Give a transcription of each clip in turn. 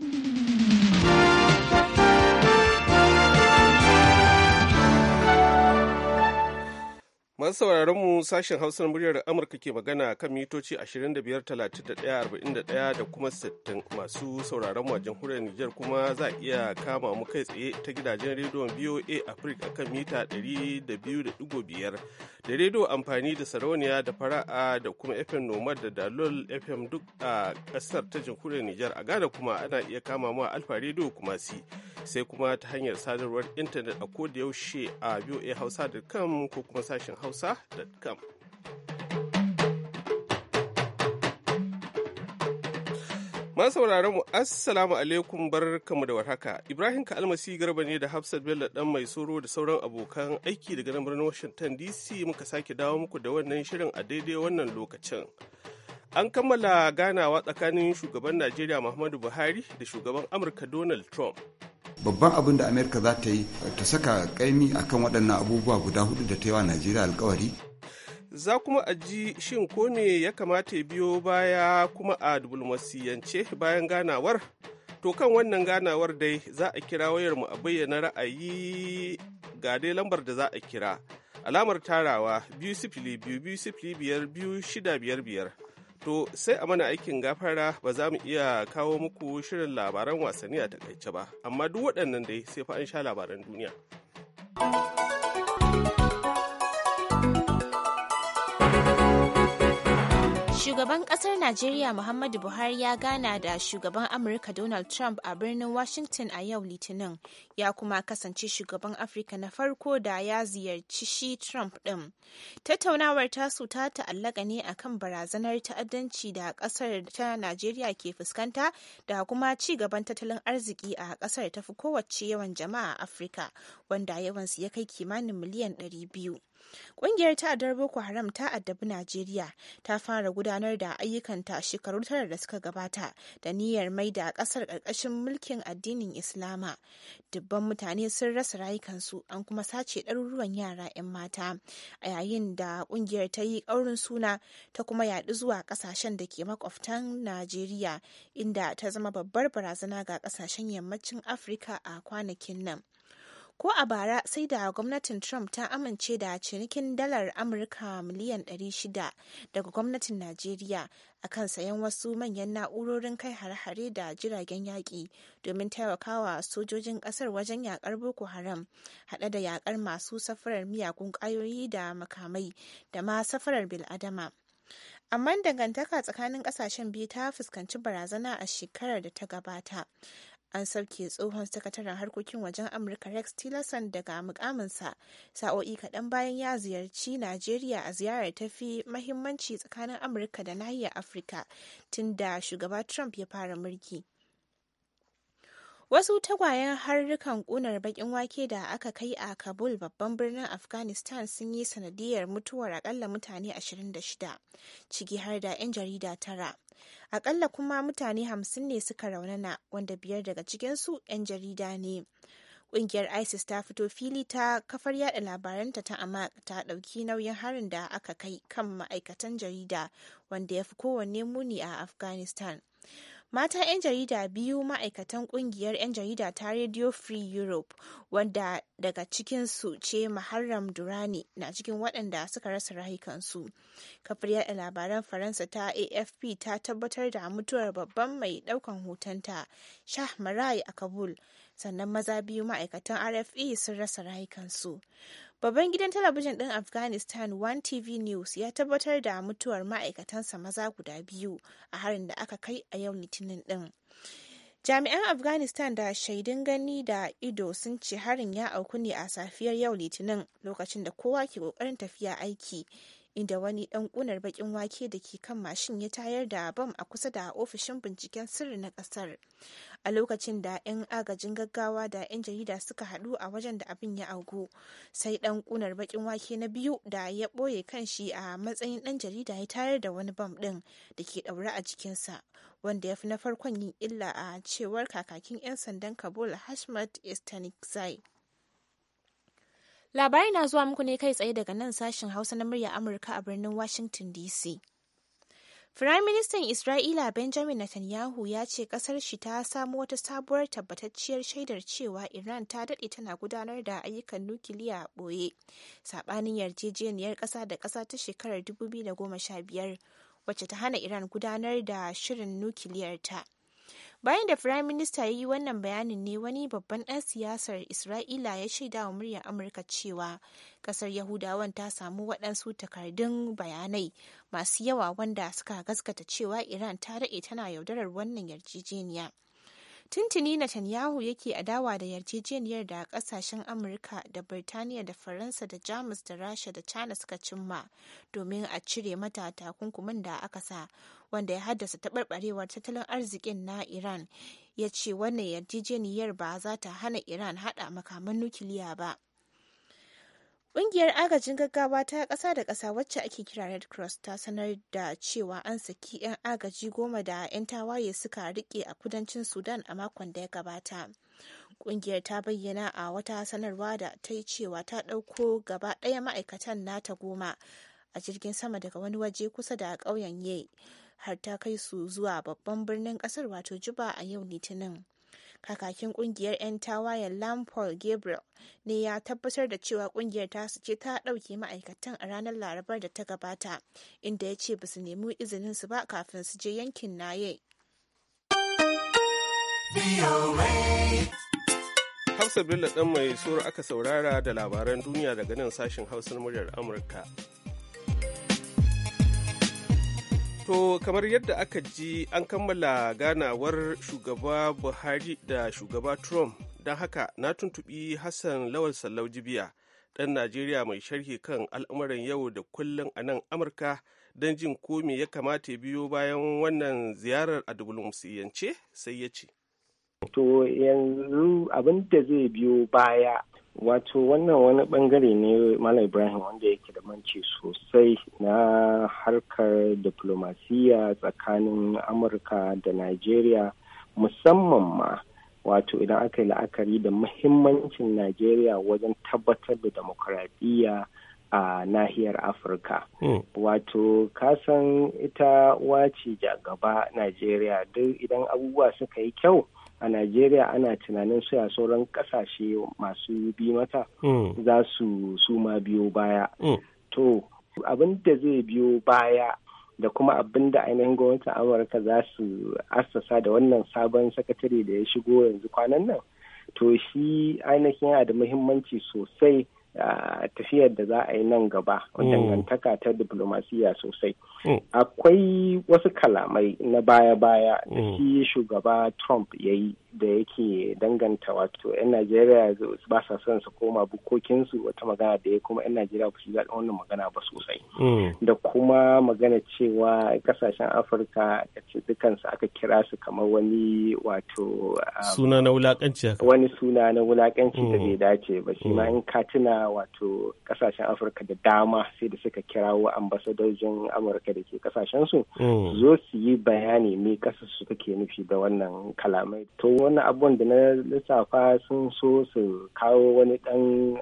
Mm-hmm. Masu sauraron mu sashen Hausa na muryar Amurka ke magana kan mitoci 25,31,41 da kuma 60 masu sauraron wajen a jamhuriyar Nijar kuma za a iya kama mu kai tsaye ta gidajen rediyon VOA Africa kan mita 200.5 da rediyo amfani da sarauniya da fara'a da kuma FM Nomad da Dalol FM duk a kasar ta jamhuriyar Nijar a Ghana kuma ana iya kama mu a Alfa rediyo kuma sai kuma ta hanyar sadarwar intanet a koda yaushe a hausa.com ko kuma sashen hausa hausa.com. Ma sauraron mu assalamu alaikum bar kamu da warhaka. Ibrahim almasi Garba ne da Hafsat Bello dan mai soro da sauran abokan aiki daga nan birnin Washington DC muka sake dawo muku da wannan shirin a daidai wannan lokacin. An kammala ganawa tsakanin shugaban Najeriya Muhammadu Buhari da shugaban Amurka Donald Trump. babban abin da amerika za ta yi ta saka kaimi akan waɗannan abubuwa guda hudu da ta yi wa najeriya alkawari za kuma a ji shin ko ne ya kamata ya biyo baya kuma a diplomasiyance bayan ganawar to kan wannan ganawar dai za a kira wayar mu a bayyana ra'ayi ga dai lambar da za a kira alamar tarawa biyu sifili biyu biyu sifili biyar biyu shida biyar biyar To sai a mana aikin gafara ba za mu iya kawo muku shirin labaran wasanni a takaice ba, amma duk waɗannan dai sai fa an sha labaran duniya. Shugaban ƙasar Najeriya Muhammadu Buhari ya gana da shugaban Amurka Donald Trump a birnin Washington a yau Litinin, ya kuma kasance shugaban Afirka na farko da ya ziyarci shi Trump ɗin. Tattaunawar tasu ta ta'allaka ne akan barazanar ta'addanci da ƙasar ta Najeriya ke fuskanta da kuma ci gaban tattalin arziki a ƙasar tafi kowace yawan jama'a a Afirka, wanda yawansu ya kai kimanin miliyan 200. Ƙungiyar ta'addar Boko Haram ta addabi Najeriya ta fara gudanar da ayyukanta shekaru tara da suka gabata da niyyar mai da ƙasar ƙarƙashin mulkin addinin Islama. Dubban mutane sun rasa rayukansu an kuma sace ɗaruruwan yara 'yan mata a yayin da ƙungiyar ta yi ƙaurin suna ta kuma yaɗu zuwa ƙasashen da ke makwabtan Najeriya inda ta zama babbar barazana ga ƙasashen yammacin Afirka a kwanakin nan. Ko a bara sai da gwamnatin Trump ta amince da cinikin dalar Amurka miliyan 600 daga gwamnatin Najeriya a kan sayan wasu manyan na'urorin kai hare-hare da jiragen yaƙi domin taimakawa sojojin ƙasar wajen yaƙar Boko Haram, haɗe da yaƙar masu safarar miyagun ƙwayoyi da makamai da ma safarar bil'adama. amma dangantaka tsakanin kasashen biyu ta fuskanci barazana a shekarar da ta gabata an sauke tsohon sakataren harkokin wajen amurka rex tillerson daga mukaminsa sa'o'i kaɗan bayan ya ziyarci najeriya a ziyarar tafi mahimmanci tsakanin amurka da nahiyar afirka tun da shugaba trump ya fara mulki Wasu tagwayen harrukan ƙunar baƙin wake da aka kai a Kabul babban birnin Afghanistan sun yi sanadiyar mutuwar akalla mutane 26, ciki har da 'yan jarida tara. Akalla kuma mutane 50 ne suka raunana, wanda biyar daga cikinsu 'yan jarida ne. Ƙungiyar ISIS ta fito fili ta kafar yada labaranta ta amma ta ɗauki nauyin harin da aka kai kan ma'aikatan jarida wanda ya fi kowanne muni a Afghanistan. Mata 'yan jarida biyu ma'aikatan kungiyar 'yan jarida ta Radio Free Europe wanda daga cikinsu ce maharam Durani na cikin waɗanda suka rasa rayukansu. Kafar yada labaran Faransa ta AFP ta tabbatar da mutuwar babban mai ɗaukan hotonta Shah Marai a Kabul sannan maza biyu ma'aikatan rfe sun rasa rayukansu babban gidan talabijin ɗin afghanistan 1tv news ya tabbatar da mutuwar ma'aikatansa maza guda biyu a harin da aka kai a yau litinin ɗin jami'an afghanistan da shaidun gani da ido sun ce harin ya auku ne a safiyar yau litinin lokacin da kowa ke kokarin tafiya aiki inda wani ɗan ƙunar baƙin wake da ke kan mashin ya tayar da bam a kusa da ofishin binciken sirri na ƙasar. A lokacin da 'yan agajin gaggawa da 'yan jarida suka haɗu a wajen da abin ya auku, sai ɗan ƙunar bakin wake na biyu da ya ɓoye kanshi a matsayin ɗan jarida ya tayar da wani bam ɗin da ke ɗaure a jikinsa, wanda ya fi na farkon yin illa a cewar kakakin 'yan sandan Kabul Hashmat zai Labarai na zuwa muku ne kai tsaye daga nan sashen Hausa na murya Amurka a birnin Washington DC. Firaministan Isra'ila Benjamin Netanyahu ya ce kasar shi ta samu wata sabuwar tabbatacciyar shaidar cewa Iran ta daɗe tana gudanar da ayyukan nukiliya a ɓoye, saɓanin yarjejeniyar ƙasa da ƙasa ta shekarar 2015 wacce ta hana Iran gudanar da shirin nukiliyar ta. Bayan da Firayim Minista ya yi wannan bayanin ne wani babban ɗan siyasar Isra'ila ya shaida wa muryar Amurka cewa kasar Yahudawan ta samu waɗansu takardun bayanai masu yawa wanda suka gaskata cewa Iran ta daɗe tana yaudarar wannan yarjejeniya. Tuntuni Netanyahu yake adawa da yarjejeniyar da kasashen Amurka da Birtaniya da Faransa da Jamus da Rasha da China suka cimma domin a cire mata takunkumin da aka sa wanda ya haddasa taɓarɓarewar tattalin arzikin na Iran ya ce wannan yarjejeniyar ba za ta hana Iran haɗa makaman nukiliya ba. Ƙungiyar agajin gaggawa ta ƙasa da ƙasa wacce ake kira Red Cross ta sanar da cewa an saki 'yan agaji goma da 'yan tawaye suka riƙe a kudancin Sudan a makon da ya gabata. Ƙungiyar ta bayyana a wata sanarwa da ta yi cewa ta ɗauko gaba ɗaya ma'aikatan nata goma a jirgin sama daga wani waje kusa da ƙauyen Ye har ta kai su zuwa babban birnin ƙasar wato Juba a yau Litinin. kakakin kungiyar 'yan tawayen lam paul gabriel ne ya tabbatar da cewa kungiyar ta ce ta ɗauke ma'aikatan a ranar larabar da ta gabata inda ya ce ba su nemi izinin su ba kafin su je yankin naye Hafsa Bello ɗan mai sura aka saurara da labaran duniya daga nan sashen Hausa na muryar Amurka. To kamar yadda aka ji an kammala ganawar shugaba Buhari da shugaba Trump don haka na tuntuɓi Hassan Lawal Sallau Jibiya ɗan Najeriya mai sharhi kan al'amuran yau da kullum a nan Amurka don jin ko me ya kamata biyo bayan wannan ziyarar a dubulmusiyance sai ya ce. To yanzu abin da zai biyo baya wato wannan wani bangare ne malam ibrahim wanda yake da manci sosai na harkar diplomasiya tsakanin amurka da nigeria musamman ma wato idan aka yi la'akari da muhimmancin nigeria wajen tabbatar da demokuraɗiyya a nahiyar afirka hmm. wato kasan ita wace gaba nigeria duk idan abubuwa suka yi kyau a Najeriya ana tunanin suya sauran kasashe masu bi mata mm. za su suma biyo baya. Mm. To, abin da zai biyo baya da kuma abin da ainihin gwamnatin Amurka za su assasa da wannan sabon sakatare da ya shigo yanzu kwanan nan. To, shi ainihin yana da muhimmanci sosai tafiyar da za a yi nan gaba mm. dangantaka ta diplomasiya sosai mm. akwai wasu kalamai na baya-baya da mm. shi shugaba trump ya yi da yake danganta wato 'yan najeriya ba sa son su koma bukokinsu wata magana da ya kuma 'yan najeriya ba su da wannan magana ba sosai mm. da kuma magana cewa kasashen afirka da ce dukansu aka kira su kamar wani wato um, suna na wulakanci wani suna na wulakanci da mm. bai dace ba shi ma mm. in ka tuna wato kasashen afirka da dama sai da suka kirawo ambasadojin amurka da ke kasashen su zo su yi bayani me kasa su take nufi da wannan kalamai to wannan abubuwan da na lissafa sun so su kawo wani dan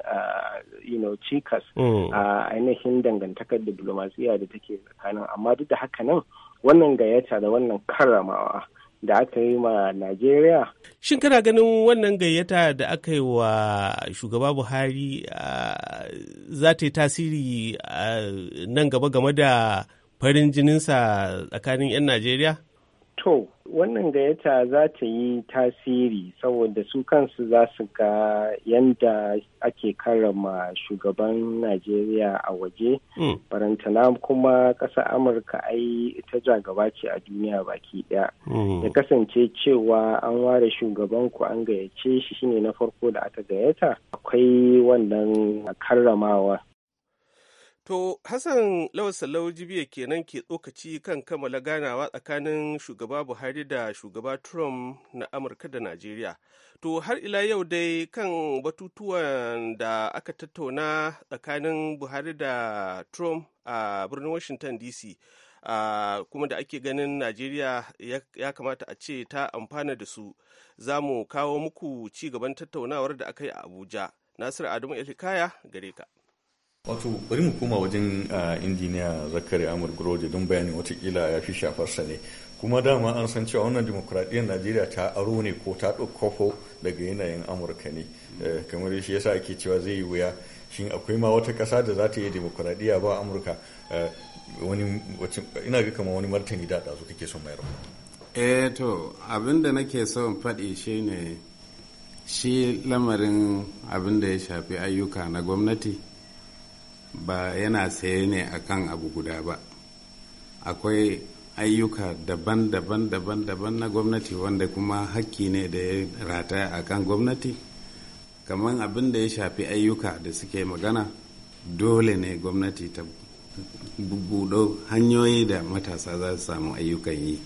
you know cikas mm. a ainihin dangantakar diplomasiya da take tsakanin amma duk da haka nan wannan gayyata da wannan karramawa da aka yi ma Najeriya. Shin kana ganin wannan gayyata da aka yi wa shugaba Buhari za ta yi tasiri nan gaba game da farin jininsa tsakanin 'yan Najeriya? To, wannan gayyata za ta yi tasiri saboda su kansu za su ga yadda ake karrama shugaban najeriya a waje hmm. barantana kuma ƙasar amurka ai ita jagaba ce a duniya baki ɗaya hmm. ya kasance cewa an ware shugaban ku an gayyace shi shine na farko da aka gayyata akwai wannan karramawa To, Hassan Lawal Jibiya kenan ke tsokaci kan kammala ganawa tsakanin shugaba Buhari da shugaba Trump na Amurka da Najeriya. To, har ila yau dai kan batutuwan da aka tattauna tsakanin Buhari da Trump a birnin Washington DC. kuma da ake ganin najeriya ya kamata a ce ta amfana da su za mu kawo muku ci gaban tattaunawar da aka yi a abuja nasiru adamu ilikaya gare ka wato bari mu koma wajen injiniya zakari amur grode don bayani watakila ya fi shafarsa ne kuma dama an san cewa wannan demokuraɗiyyar najeriya ta aro ne ko ta kofo daga yanayin amurka ne eh, kamar shi yasa ake cewa zai yi wuya shin akwai ma wata ƙasa da za ta yi demokuraɗiyya ba amurka eh, wani ina ga kama wani martani da ɗazu kake son mayar eh to abin da nake son faɗi ne shi lamarin abin da ya shafi ayyuka na gwamnati ba yana saye ne akan abu guda ba akwai ayyuka daban-daban daban-daban na gwamnati wanda kuma hakki ne da ya rataya akan gwamnati kamar abin da ya shafi ayyuka da suke magana dole ne gwamnati ta buɗo hanyoyi da matasa za su samu ayyukan yi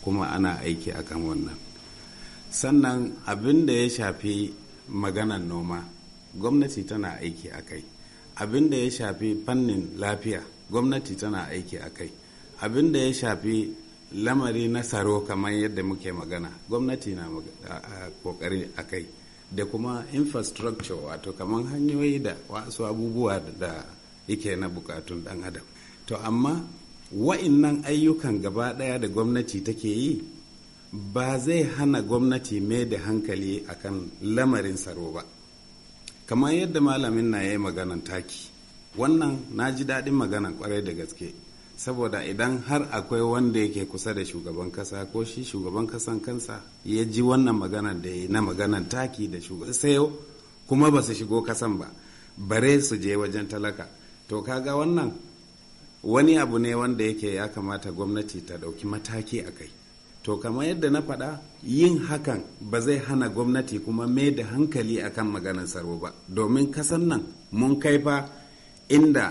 kuma ana aiki akan wannan sannan abin da ya shafi maganar noma gwamnati tana aiki a kai abin da ya shafi fannin lafiya gwamnati tana aiki a kai abin da ya shafi lamari na tsaro kamar yadda muke magana gwamnati na kokari a kai da kuma infrastructure wato kamar hanyoyi da wasu abubuwa da yake na bukatun dan adam to amma wa'innan ayyukan gaba daya da gwamnati take yi ba zai hana gwamnati mai da hankali akan lamarin tsaro ba kamar yadda malamin na ya yi maganan taki wannan na ji daɗin maganan kwarai da gaske saboda idan har akwai wanda yake kusa da shugaban kasa ko shi shugaban kasan kansa ya ji wannan maganan da ya na maganan taki da shugaban sayo kuma ba su shigo kasan ba bare su je wajen talaka to kaga wannan wani abu ne wanda yake ya kamata gwamnati ta ɗauki mataki a kai to kamar yadda na faɗa yin hakan ba zai hana gwamnati kuma mai da hankali akan maganar tsaro ba domin kasan nan mun kai fa inda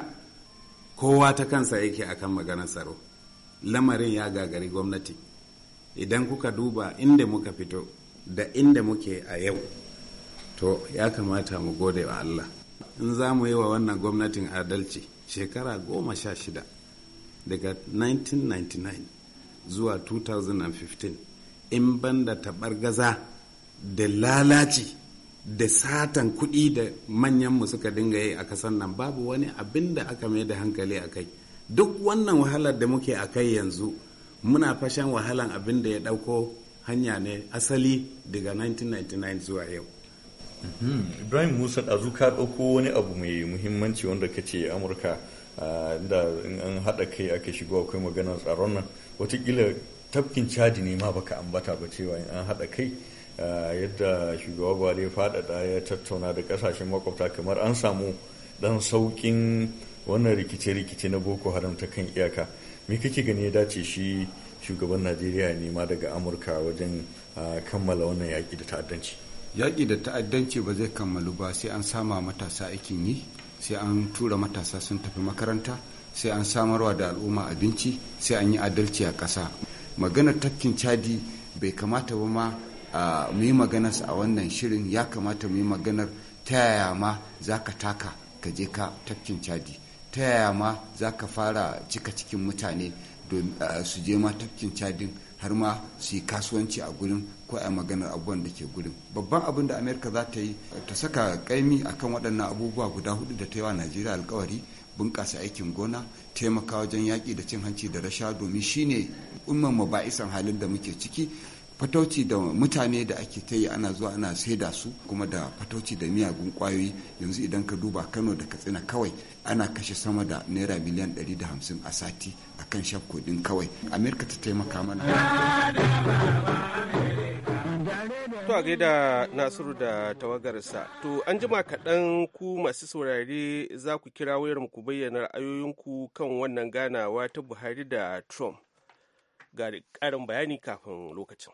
kowa ta kansa yake akan maganar tsaro lamarin ya gagari gwamnati idan kuka duba inda muka fito da inda muke a yau to ya kamata mu gode wa Allah in za mu yi wa wannan gwamnatin adalci shekara goma sha shida daga 1999 zuwa 2015 in banda gaza da lalaci da satan kuɗi da manyanmu suka dinga yi a kasan nan babu wani abin da aka mai da hankali a kai duk wannan wahalar da muke a kai yanzu muna fashen wahalan abin da ya ɗauko hanya ne asali daga 1999 zuwa yau hmm, ibrahim musa ɗazu ka ɗauko wani abu mai muhimmanci wanda ka ce amurka ah, da an haɗa kai aka shigo akwai maganar tsaron nan watakila tafkin cadi ne ma baka ambata ba cewa in an haɗa kai yadda shugaba buhari ya faɗaɗa ya tattauna da ƙasashen makwabta kamar an samu ɗan sauƙin wannan rikice-rikice na boko haram ta kan iyaka me kake gani ya dace shi shugaban najeriya ne ma daga amurka wajen kammala wannan yaƙi da ta'addanci yaƙi da ta'addanci ba zai kammalu ba sai an sama matasa aikin yi sai an tura matasa sun tafi makaranta sai an samarwa da al'umma abinci sai an yi adalci a ƙasa maganar tafkin cadi bai kamata ba ma a yi maganarsa a wannan shirin ya kamata mu maganar ta yaya ma za ka taka ka je ka tafkin cadi ta yaya ma za ka fara cika cikin mutane su je ma tafkin cadin har ma su yi kasuwanci a gurin ko a maganar abubuwan da ke gudun babban abin da amerika za ta yi ta saka kaimi akan waɗannan abubuwa guda hudu da ta yi wa najeriya alkawari bunƙasa aikin gona taimaka wajen yaƙi da cin hanci da rasha domin shine umman maba'isan halin da muke ciki fatauci da mutane da ake ta yi ana zuwa ana saida su kuma da fatauci da miyagun kwayoyi yanzu idan ka duba kano da katsina kawai ana kashe sama da naira miliyan 150 a sati a kan shafkodin kawai amerika ta taimaka mana to a gaida nasiru da tawagarsa to an jima kaɗan ku masu saurare za ku kira wayar ku bayyana ra'ayoyinku kan wannan ganawa ta buhari da trump ga ƙarin bayani kafin lokacin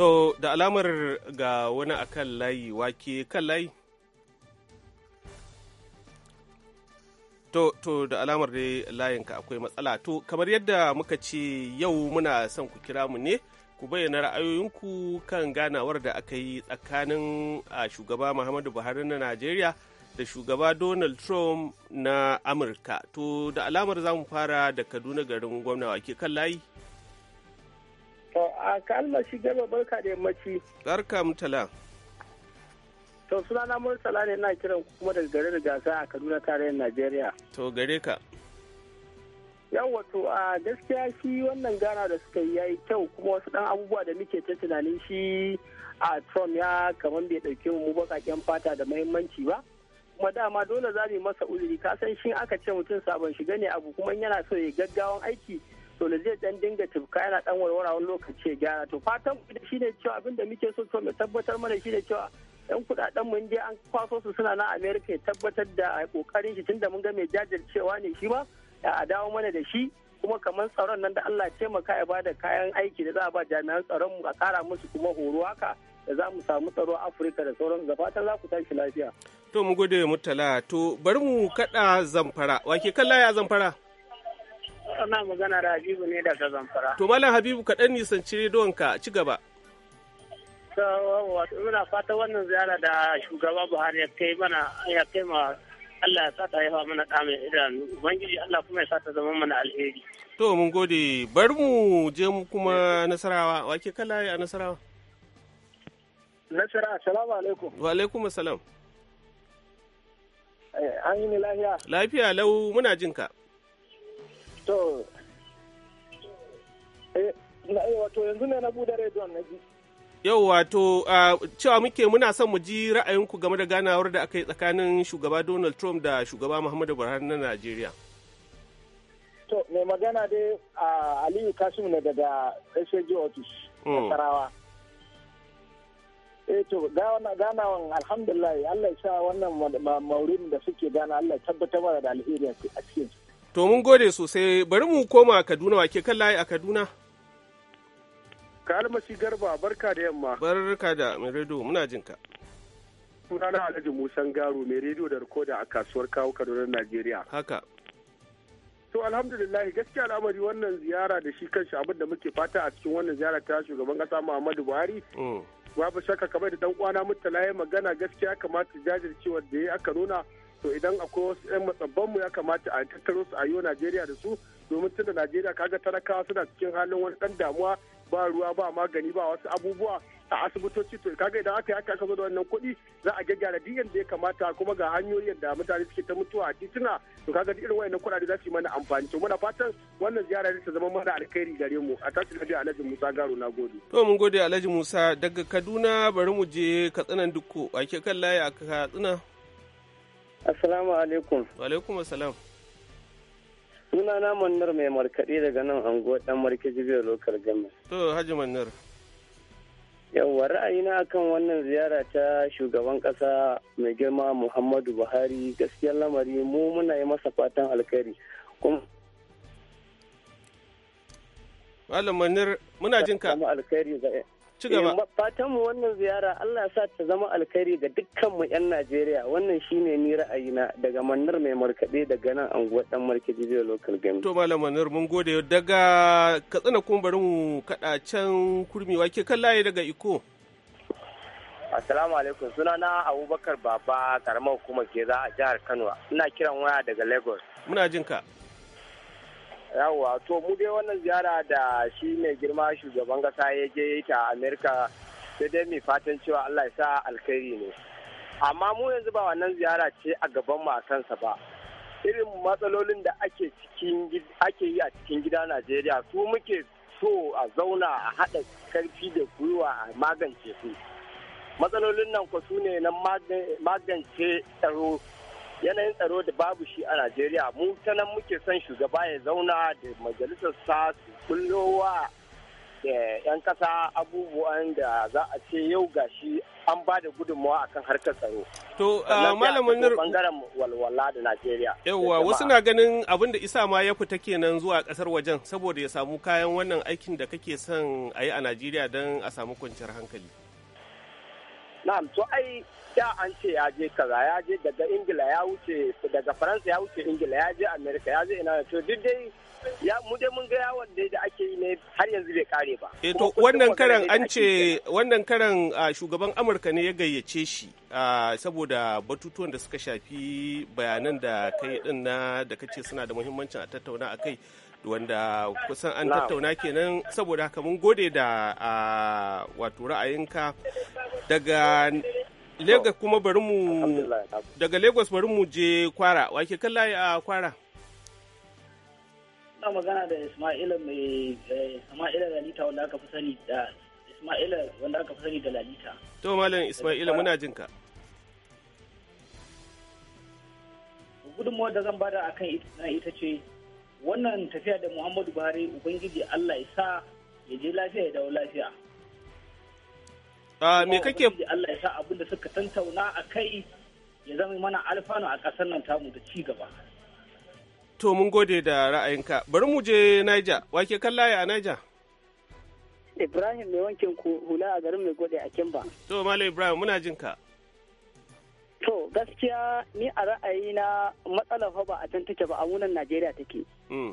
To da alamar ga wani akan layi wake kan layi? To, da alamar dai layinka akwai matsala. To, kamar yadda muka ce yau muna son ku kira mu ne, ku bayyana ra'ayoyinku kan ganawar da aka yi tsakanin a shugaba Muhammadu Buhari na Najeriya da shugaba Donald Trump na Amurka. To, da alamar za mu fara da Kaduna garin gwamna wake kan layi. a Allah shi garba barka da yammaci barka mutala to sunana murtala ne na kiran kuma daga garin gasa a kaduna tarayyar najeriya to gare ka yawwa to a gaskiya shi wannan gana da suka yi yayi kyau kuma wasu dan abubuwa da muke ta tunanin shi a trump ya kamar bai dauke mu bakaken fata da mahimmanci ba kuma dama dole za masa uzuri ka san shi aka ce mutum sabon shiga ne abu kuma yana so ya gaggawan aiki to da zai dan dinga tufka yana dan warwara wani lokaci ya gyara to fatan mu shi ne cewa abin muke so to tabbatar mana shi ne cewa yan kudaden mun je an kwaso su suna na America ya tabbatar da kokarin shi tunda mun ga mai jajircewa ne shi ma a dawo mana da shi kuma kamar tsaron nan da Allah ya taimaka ya bada kayan aiki da za a ba jami'an tsaron mu a kara musu kuma horo haka da za mu samu tsaro a Afirka da sauran da fatan za ku tashi lafiya. To mu gode Murtala to bari mu kada zamfara wake kalla ya zamfara. ana magana da Habibu ne daga Zamfara. To Malam Habibu kaɗan nisan nisanci rediyonka ci gaba. muna fata wannan ziyara da shugaba Buhari ya kai mana ya kai ma Allah ya sata haifa mana ɗa mai idanu Ubangiji Allah kuma ya sata zama mana alheri. To mun gode bar mu je mu kuma Nasarawa wake kala a Nasarawa. Nasara assalamu alaikum. Wa alaikum assalam. Eh, an yi ni lafiya. Lafiya lau muna jin ka. To, eh, wato yanzu ne na rediyon Yau wato cewa muke muna son mu ji ra'ayinku game da ganawar da aka yi tsakanin shugaba Donald Trump da shugaba Muhammadu Buhari na Najeriya. To, mai magana dai a Aliyu Kasim ne daga otis Office, Nasarawa. Hmm. Eh to, ganawan alhamdulillah Allah ya sa wannan maurin da suke gana Allah ya tabbatar da alheri a cikin To mun gode sosai bari mu koma Kaduna wake kan layi a Kaduna. Ka almasi garba barka da yamma. Barka da mai muna jin ka. Sunana Alhaji Musan Garo mai rediyo da rikoda a kasuwar kawo Kaduna Najeriya. Haka. To alhamdulillah gaskiya al'amari wannan ziyara da shi kan abin da muke fata a cikin wannan ziyara ta shugaban kasa Muhammadu Buhari. Mm. Babu shaka kamar da dan kwana mutala ya magana gaskiya kamata jajircewar da ya aka nuna to idan akwai wasu 'yan matsabbanmu ya kamata a tattaro su a yau najeriya da su domin tunda najeriya kaga talakawa suna cikin halin wani dan damuwa ba ruwa ba magani ba wasu abubuwa a asibitoci to kaga idan aka yi aka zo da wannan kuɗi za a gyaggyara duk yadda ya kamata kuma ga hanyoyi da mutane suke ta mutuwa a tituna to kaga duk irin wayannan kuɗaɗe za su yi mana amfani to muna fatan wannan ziyara ta zama mana alkhairi gare mu a tashi da Alhaji Musa Garo na gode to mun gode Alhaji Musa daga Kaduna bari mu je Katsina dukko ake kan layi a Katsina Assalamu alaikum. Wa alaikum assalam. Suna na Mannar mai markaɗe daga nan anguwa ɗan markaji bai lokar gama. To Haji Mannar. Yawwa ra'ayina akan wannan ziyara ta shugaban ƙasa mai girma Muhammadu Buhari gaskiyar lamari mu muna yi masa fatan alkhairi. Malam Mannar muna jin ka. alkhairi ci gaba. Eh, Fatan mu wannan ziyara Allah sa ta zama alkhairi ga dukkan mu 'yan Najeriya wannan shine ni ra'ayina daga Manar mai markaɗe daga nan anguwar dan markaɗe zai local game. To malam Manar mun gode daga Katsina kuma bari mu kaɗa can kurmi wake kan layi daga Iko. Assalamu alaikum sunana Abubakar Baba karamar hukumar ke za a jihar Kano ina kiran waya daga Lagos. Muna jinka. yawa to mu dai wannan ziyara da shi mai girma shugaban kasa ya je ta amerika sai dai mai fatan cewa allah ya sa alkhairi ne amma mu yanzu ba wannan ziyara ce a gaban mu a kansa ba irin matsalolin da ake ake yi a cikin gida najeriya su muke so a zauna a haɗa karfi da gwiwa a magance su matsalolin nan ku su ne na magance tsaro yanayin tsaro da babu shi a najeriya mu ta nan muke son shugaba ya zauna da majalisar sa su kullowa da 'yan kasa abubuwan da za a ce yau gashi an ba da gudunmawa akan harkar tsaro. To, uh, malamin nur bangaren walwala da Najeriya. Yawwa, wasu na ganin abin da isa ma ya fita kenan zuwa kasar wajen saboda ya samu kayan wannan aikin da kake son a yi a Najeriya don a samu kwanciyar hankali. na'am to ai da an ce ya je kaza ya je daga ingila ya wuce daga faransa ya wuce ingila ya je amerika ya je ina to duk dai ya mu dai mun ga yawon da ake yi ne har yanzu bai kare ba eh to wannan karan an ce wannan karan shugaban amurka ne ya gayyace shi saboda batutuwan da suka shafi bayanan da kai din na da kace suna da muhimmancin a tattauna akai kai wanda kusan an tattauna kenan saboda haka mun gode da wato ra'ayinka daga Lagos kuma bari mu daga Lagos bari mu je Kwara wake kallaye a Kwara ina magana da Isma'ila mai eh, Isma'ila Lalita wanda aka fi sani da Isma'ila wanda aka fi sani da Lalita to malam Isma'ila muna jinka gudunmawar da zan bada akan ita ce wannan tafiya da muhammadu buhari ubangiji allah ya sa ya je lafiya ya dawo lafiya ah, me kake allah ya sa abin da suka tantauna a kai ya zama mana alfanu a ƙasar nan tamu da ci gaba to mun gode da ra'ayinka bari mu je niger wake kallaye a niger ibrahim mai wankin hula a garin mai gode a kimba to malam ibrahim muna jinka. ka To gaskiya ni a ra'ayi na matsalar ba a can take ba a wunan Najeriya take. Hmm.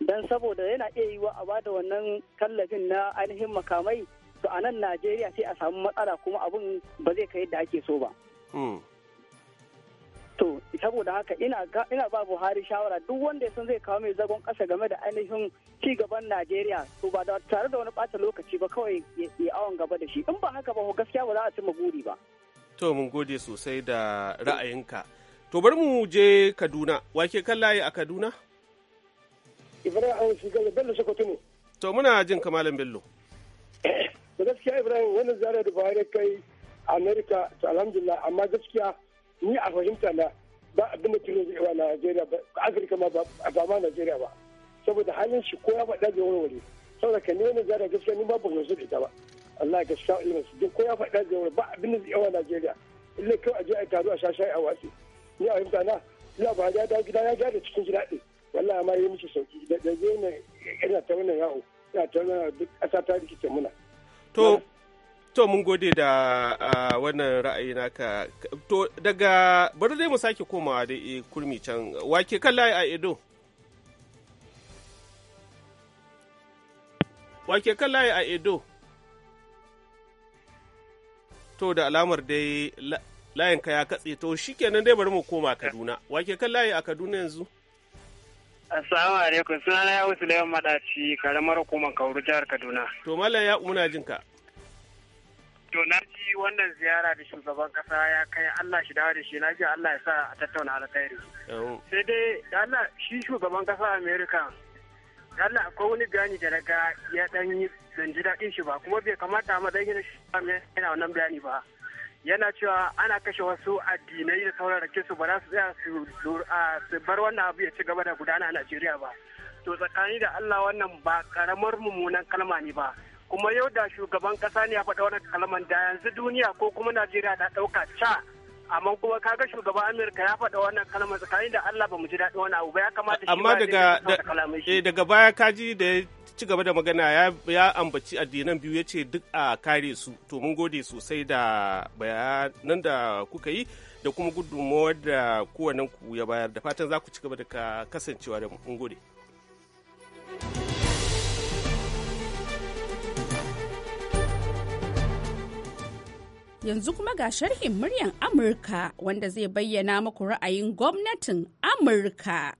Don saboda yana iya yi wa a bada wannan tallafin na ainihin makamai to a nan Najeriya sai a samu matsala kuma abin ba zai kai da ake so ba. Hmm. To saboda haka ina ba Buhari shawara duk wanda ya san zai kawo mai zagon kasa game da ainihin ci gaban Najeriya to ba da tare da wani ɓata lokaci ba kawai ya awon gaba da shi in ba haka ba gaskiya ba za a ci buri ba. To mun gode sosai da ra'ayinka. To bari mu je Kaduna, wake kan layi a Kaduna? Ibrahim an shigar Bello Sokoto ne. To muna jin kamalan Bello. Da gaskiya Ibrahim wannan zarar da Buhari kai Amerika to alhamdulillah amma gaskiya ni a fahimta na ba abin da tuno zai wa Najeriya ba Afirka ma ba ma Najeriya ba. Saboda halin shi ko ya faɗa wani warware. Saboda ka ne wannan zara gaskiya ni ba ban yanzu da ita ba. Allah ka sha ilimin su duk ko ya faɗa da ba abin da zai yawa Najeriya ille kawai a je a taru a sha shayi a watsi ni a fahimta na ina ba ya dawo gida ya da cikin gida ɗin wallahi ma yi musu sauki da da zai ne ina ta wannan yawo ina ta wannan duk ƙasa ta rikice muna. To To mun gode da wannan ra'ayi naka. To daga bari dai mu sake komawa da eh, kurmi can wake kan layi a Edo. Wake kan layi a Edo. to da alamar dai layin ka ya katse to shikenan dai bari mu koma Kaduna wake kan layi a Kaduna yanzu Assalamu alaikum sunana ya wuce Lewan Madaci karamar hukumar Kauru jihar Kaduna to mallam ya muna jin ka to na ji wannan ziyara da shugaban kasa ya kai Allah shi dawo da shi na ji Allah ya sa a tattauna alkhairi sai dai Allah shi shugaban kasa America Allah akwai wani gani da daga ga ya dan yi ban ji daɗin shi ba kuma bai kamata a matsayin shi yana wannan bayani ba yana cewa ana kashe wasu addinai da sauran rake su ba za su tsaya su bar wannan abu ya ci gaba da gudana a Najeriya ba to tsakani da Allah wannan ba karamar mummunan kalma ne ba kuma yau da shugaban kasa ne ya faɗa wannan kalman da yanzu duniya ko kuma Najeriya ta ɗauka ca amma kuma kaga shugaban Amurka ya faɗa wannan kalmar tsakanin da Allah ba mu ji daɗin wani abu ba ya kamata shi amma daga eh, daga baya kaji da ya ci gaba da magana ya ambaci addinan biyu ya ce duk a kare su to mun gode sosai da bayanan da kuka yi da kuma gudunmawar da kowannen ku ya bayar da fatan za ku ci gaba da kasancewa da mun gode Yanzu kuma ga sharhin muryan Amurka wanda zai bayyana maku ra'ayin gwamnatin Amurka.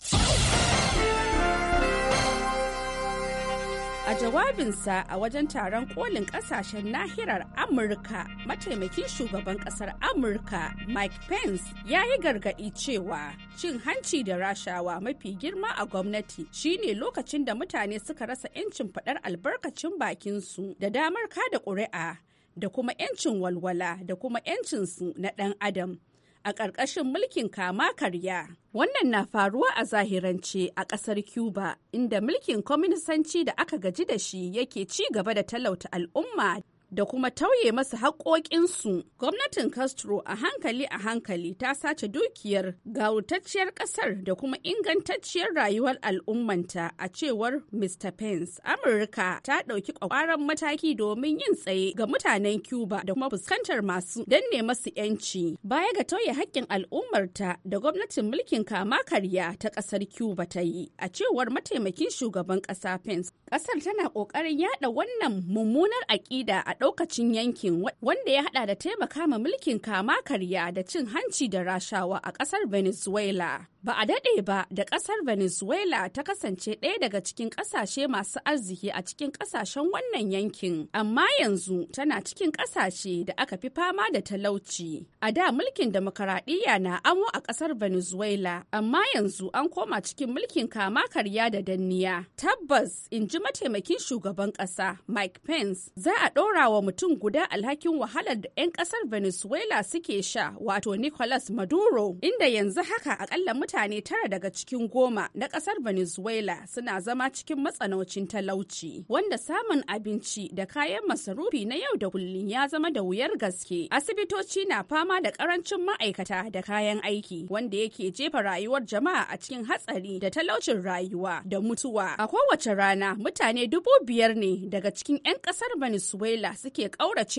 A jawabinsa a wajen taron kolin kasashen nahirar Amurka, mataimakin shugaban kasar Amurka Mike Pence ya yi gargaɗi cewa cin hanci da rashawa mafi girma a gwamnati shine lokacin da mutane suka rasa 'yancin faɗar albarkacin bakinsu da damar kada ƙuri'a da kuma 'yancin walwala da kuma 'yancinsu na ɗan adam a ƙarƙashin mulkin kama karya. Wannan na faruwa a zahirance a ƙasar Cuba inda mulkin kwaminisanci da aka gaji da shi yake ci gaba da talauta al'umma da kuma tauye masa haƙoƙinsu. Gwamnatin Castro a hankali a hankali ta sace dukiyar gawutacciyar ƙasar da kuma ingantacciyar rayuwar al'ummanta a cewar Mr. Pence. Amurka ta ɗauki ƙwaƙwaran mataki domin yin tsaye ga mutanen Cuba da kuma fuskantar masu danne masu 'yanci. Baya ga tauye haƙƙin al'ummarta da gwamnatin mulkin kama karya ta ƙasar Cuba ta yi a cewar mataimakin shugaban ƙasa Pence. Ƙasar tana ƙoƙarin yaɗa wannan mummunar aƙida a ɗaukacin yankin wanda ya hada da taimaka ma mulkin kama karya da cin hanci da rashawa a ƙasar Venezuela. Ba a daɗe ba da ƙasar Venezuela ta kasance ɗaya daga cikin ƙasashe masu arziki a cikin ƙasashen wannan yankin, amma yanzu tana cikin ƙasashe da aka fi fama da talauci. A da mulkin demokaradiyya na amo a ƙasar Venezuela, amma yanzu an koma cikin mulkin kama karya da danniya. Tabbas, in ji mataimakin shugaban ƙasa Mike Pence, za a ɗora wa mutum guda alhakin wahalar da 'yan ƙasar Venezuela suke sha, wato Nicolas Maduro, inda yanzu haka aƙalla mutane mutane tara daga cikin goma na kasar Venezuela suna zama cikin matsanancin talauci, wanda samun abinci da kayan masarufi na yau da kullum ya zama da wuyar gaske. Asibitoci na fama da ƙarancin ma'aikata da kayan aiki, wanda yake jefa rayuwar jama'a a cikin hatsari da talaucin rayuwa da mutuwa. A kowace rana, mutane dubu biyar ne daga cikin 'yan ƙasar Venezuela suke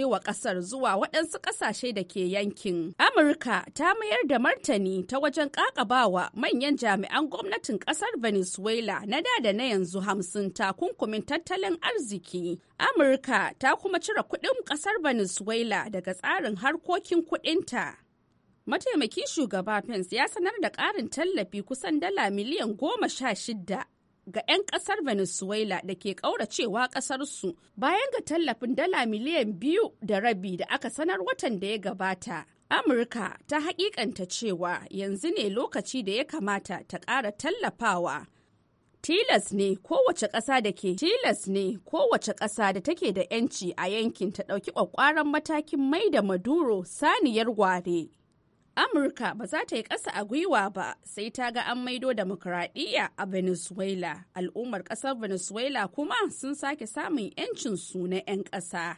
wa ƙasar zuwa waɗansu ƙasashe da ke yankin. Amurka ta mayar da martani ta wajen ƙaƙabawa wa manyan jami'an gwamnatin kasar Venezuela na da da na yanzu hamsin takunkumin tattalin arziki. Amurka ta kuma cire kuɗin kasar Venezuela daga tsarin harkokin kuɗinta. Mataimakin shugaba Pence ya sanar da ƙarin tallafi kusan dala miliyan goma sha shida ga 'yan ƙasar venezuela da ke kauracewa kasarsu bayan ga tallafin dala miliyan biyu da rabi da aka sanar watan da ya gabata Amurka ta hakikanta cewa yanzu ne lokaci da ya kamata ta ƙara tallafawa. Tilas ne kowace ƙasa da ke tilas ne kowace ƙasa da take da 'yanci a yankin ta ɗauki ƙwaƙwaran matakin mai da Maduro saniyar ware. Amurka ba za ta yi ƙasa a gwiwa ba sai ta ga an maido demokuraɗiyya a Venezuela. Al'ummar ƙasar Venezuela kuma sun sake samun 'yancinsu na 'yan ƙasa.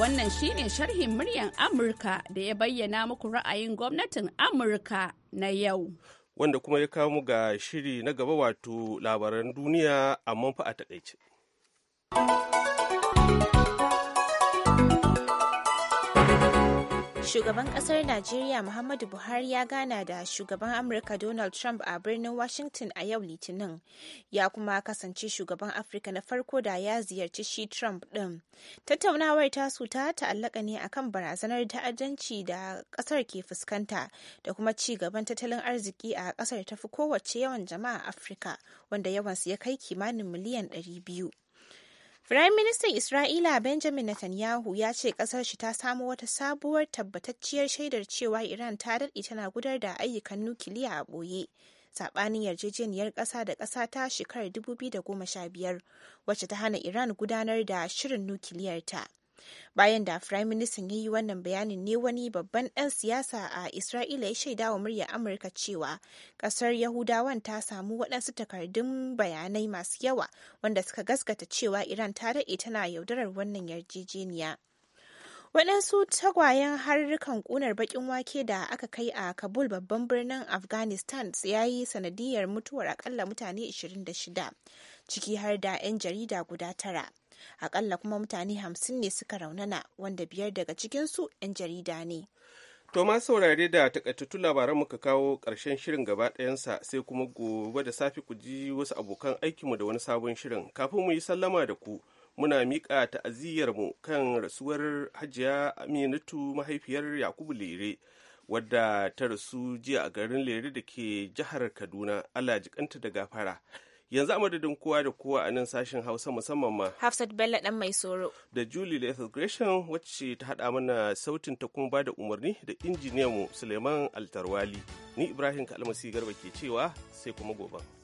Wannan shine sharhin muryan Amurka da ya bayyana muku ra'ayin gwamnatin Amurka na yau. Wanda kuma ya kawo mu ga shiri na gaba wato labaran duniya amma fa a takaice. Shugaban kasar Najeriya Muhammadu Buhari ya gana da shugaban Amurka Donald Trump a birnin Washington a yau Litinin, ya kuma kasance shugaban Afirka na farko da ya ziyarci shi Trump ɗin. Tattaunawar tasu ta ta'allaka ne akan barazanar ta'addanci da kasar ke fuskanta da kuma ci gaban tattalin arziki a kasar tafi kowace yawan jama'a Afirka, wanda yawansu ya kai kimanin miliyan 200. Firayim Ministan Isra'ila Benjamin Netanyahu ya ce ƙasar shi ta samo wata sabuwar tabbatacciyar shaidar cewa Iran ta daɗe tana gudar da ayyukan nukiliya a ɓoye. Saɓanin yarjejeniyar ƙasa da ƙasa ta shekarar 2015 wacce ta hana Iran gudanar da shirin nukiliyar ta. Bayan da Firayim Ministan ya yi wannan bayanin ne wani babban ɗan siyasa a Isra'ila ya shaida wa muryar Amurka cewa ƙasar Yahudawan ta samu waɗansu takardun bayanai masu yawa wanda suka gaskata cewa Iran ta daɗe tana yaudarar wannan yarjejeniya. waɗansu tagwayen harurrukan ƙunar baƙin wake da aka kai a kabul babban birnin afghanistan ya yi sanadiyar mutuwar akalla mutane 26 ciki har da 'yan jarida guda tara akalla kuma mutane hamsin ne suka raunana wanda biyar daga cikinsu 'yan jarida ne to saurare da takaitattu labaran muka kawo ƙarshen shirin gaba ɗayansa sai kuma gobe da safe ku ji wasu abokan aikinmu da wani sabon shirin kafin mu yi sallama da ku muna miƙa ta'aziyyarmu kan rasuwar hajiya aminatu mahaifiyar yakubu lere wadda ta rasu jiya a garin lere da ke jihar kaduna allah jikanta da gafara yanzu a madadin kowa da kowa a nan sashen hausa musamman ma hafsat bello dan mai soro da julie lethal gresham wacce ta hada mana sautin ta kuma bada umarni da injiniyan mu suleiman altarwali ni ibrahim kalmasi garba ke cewa sai kuma gobe.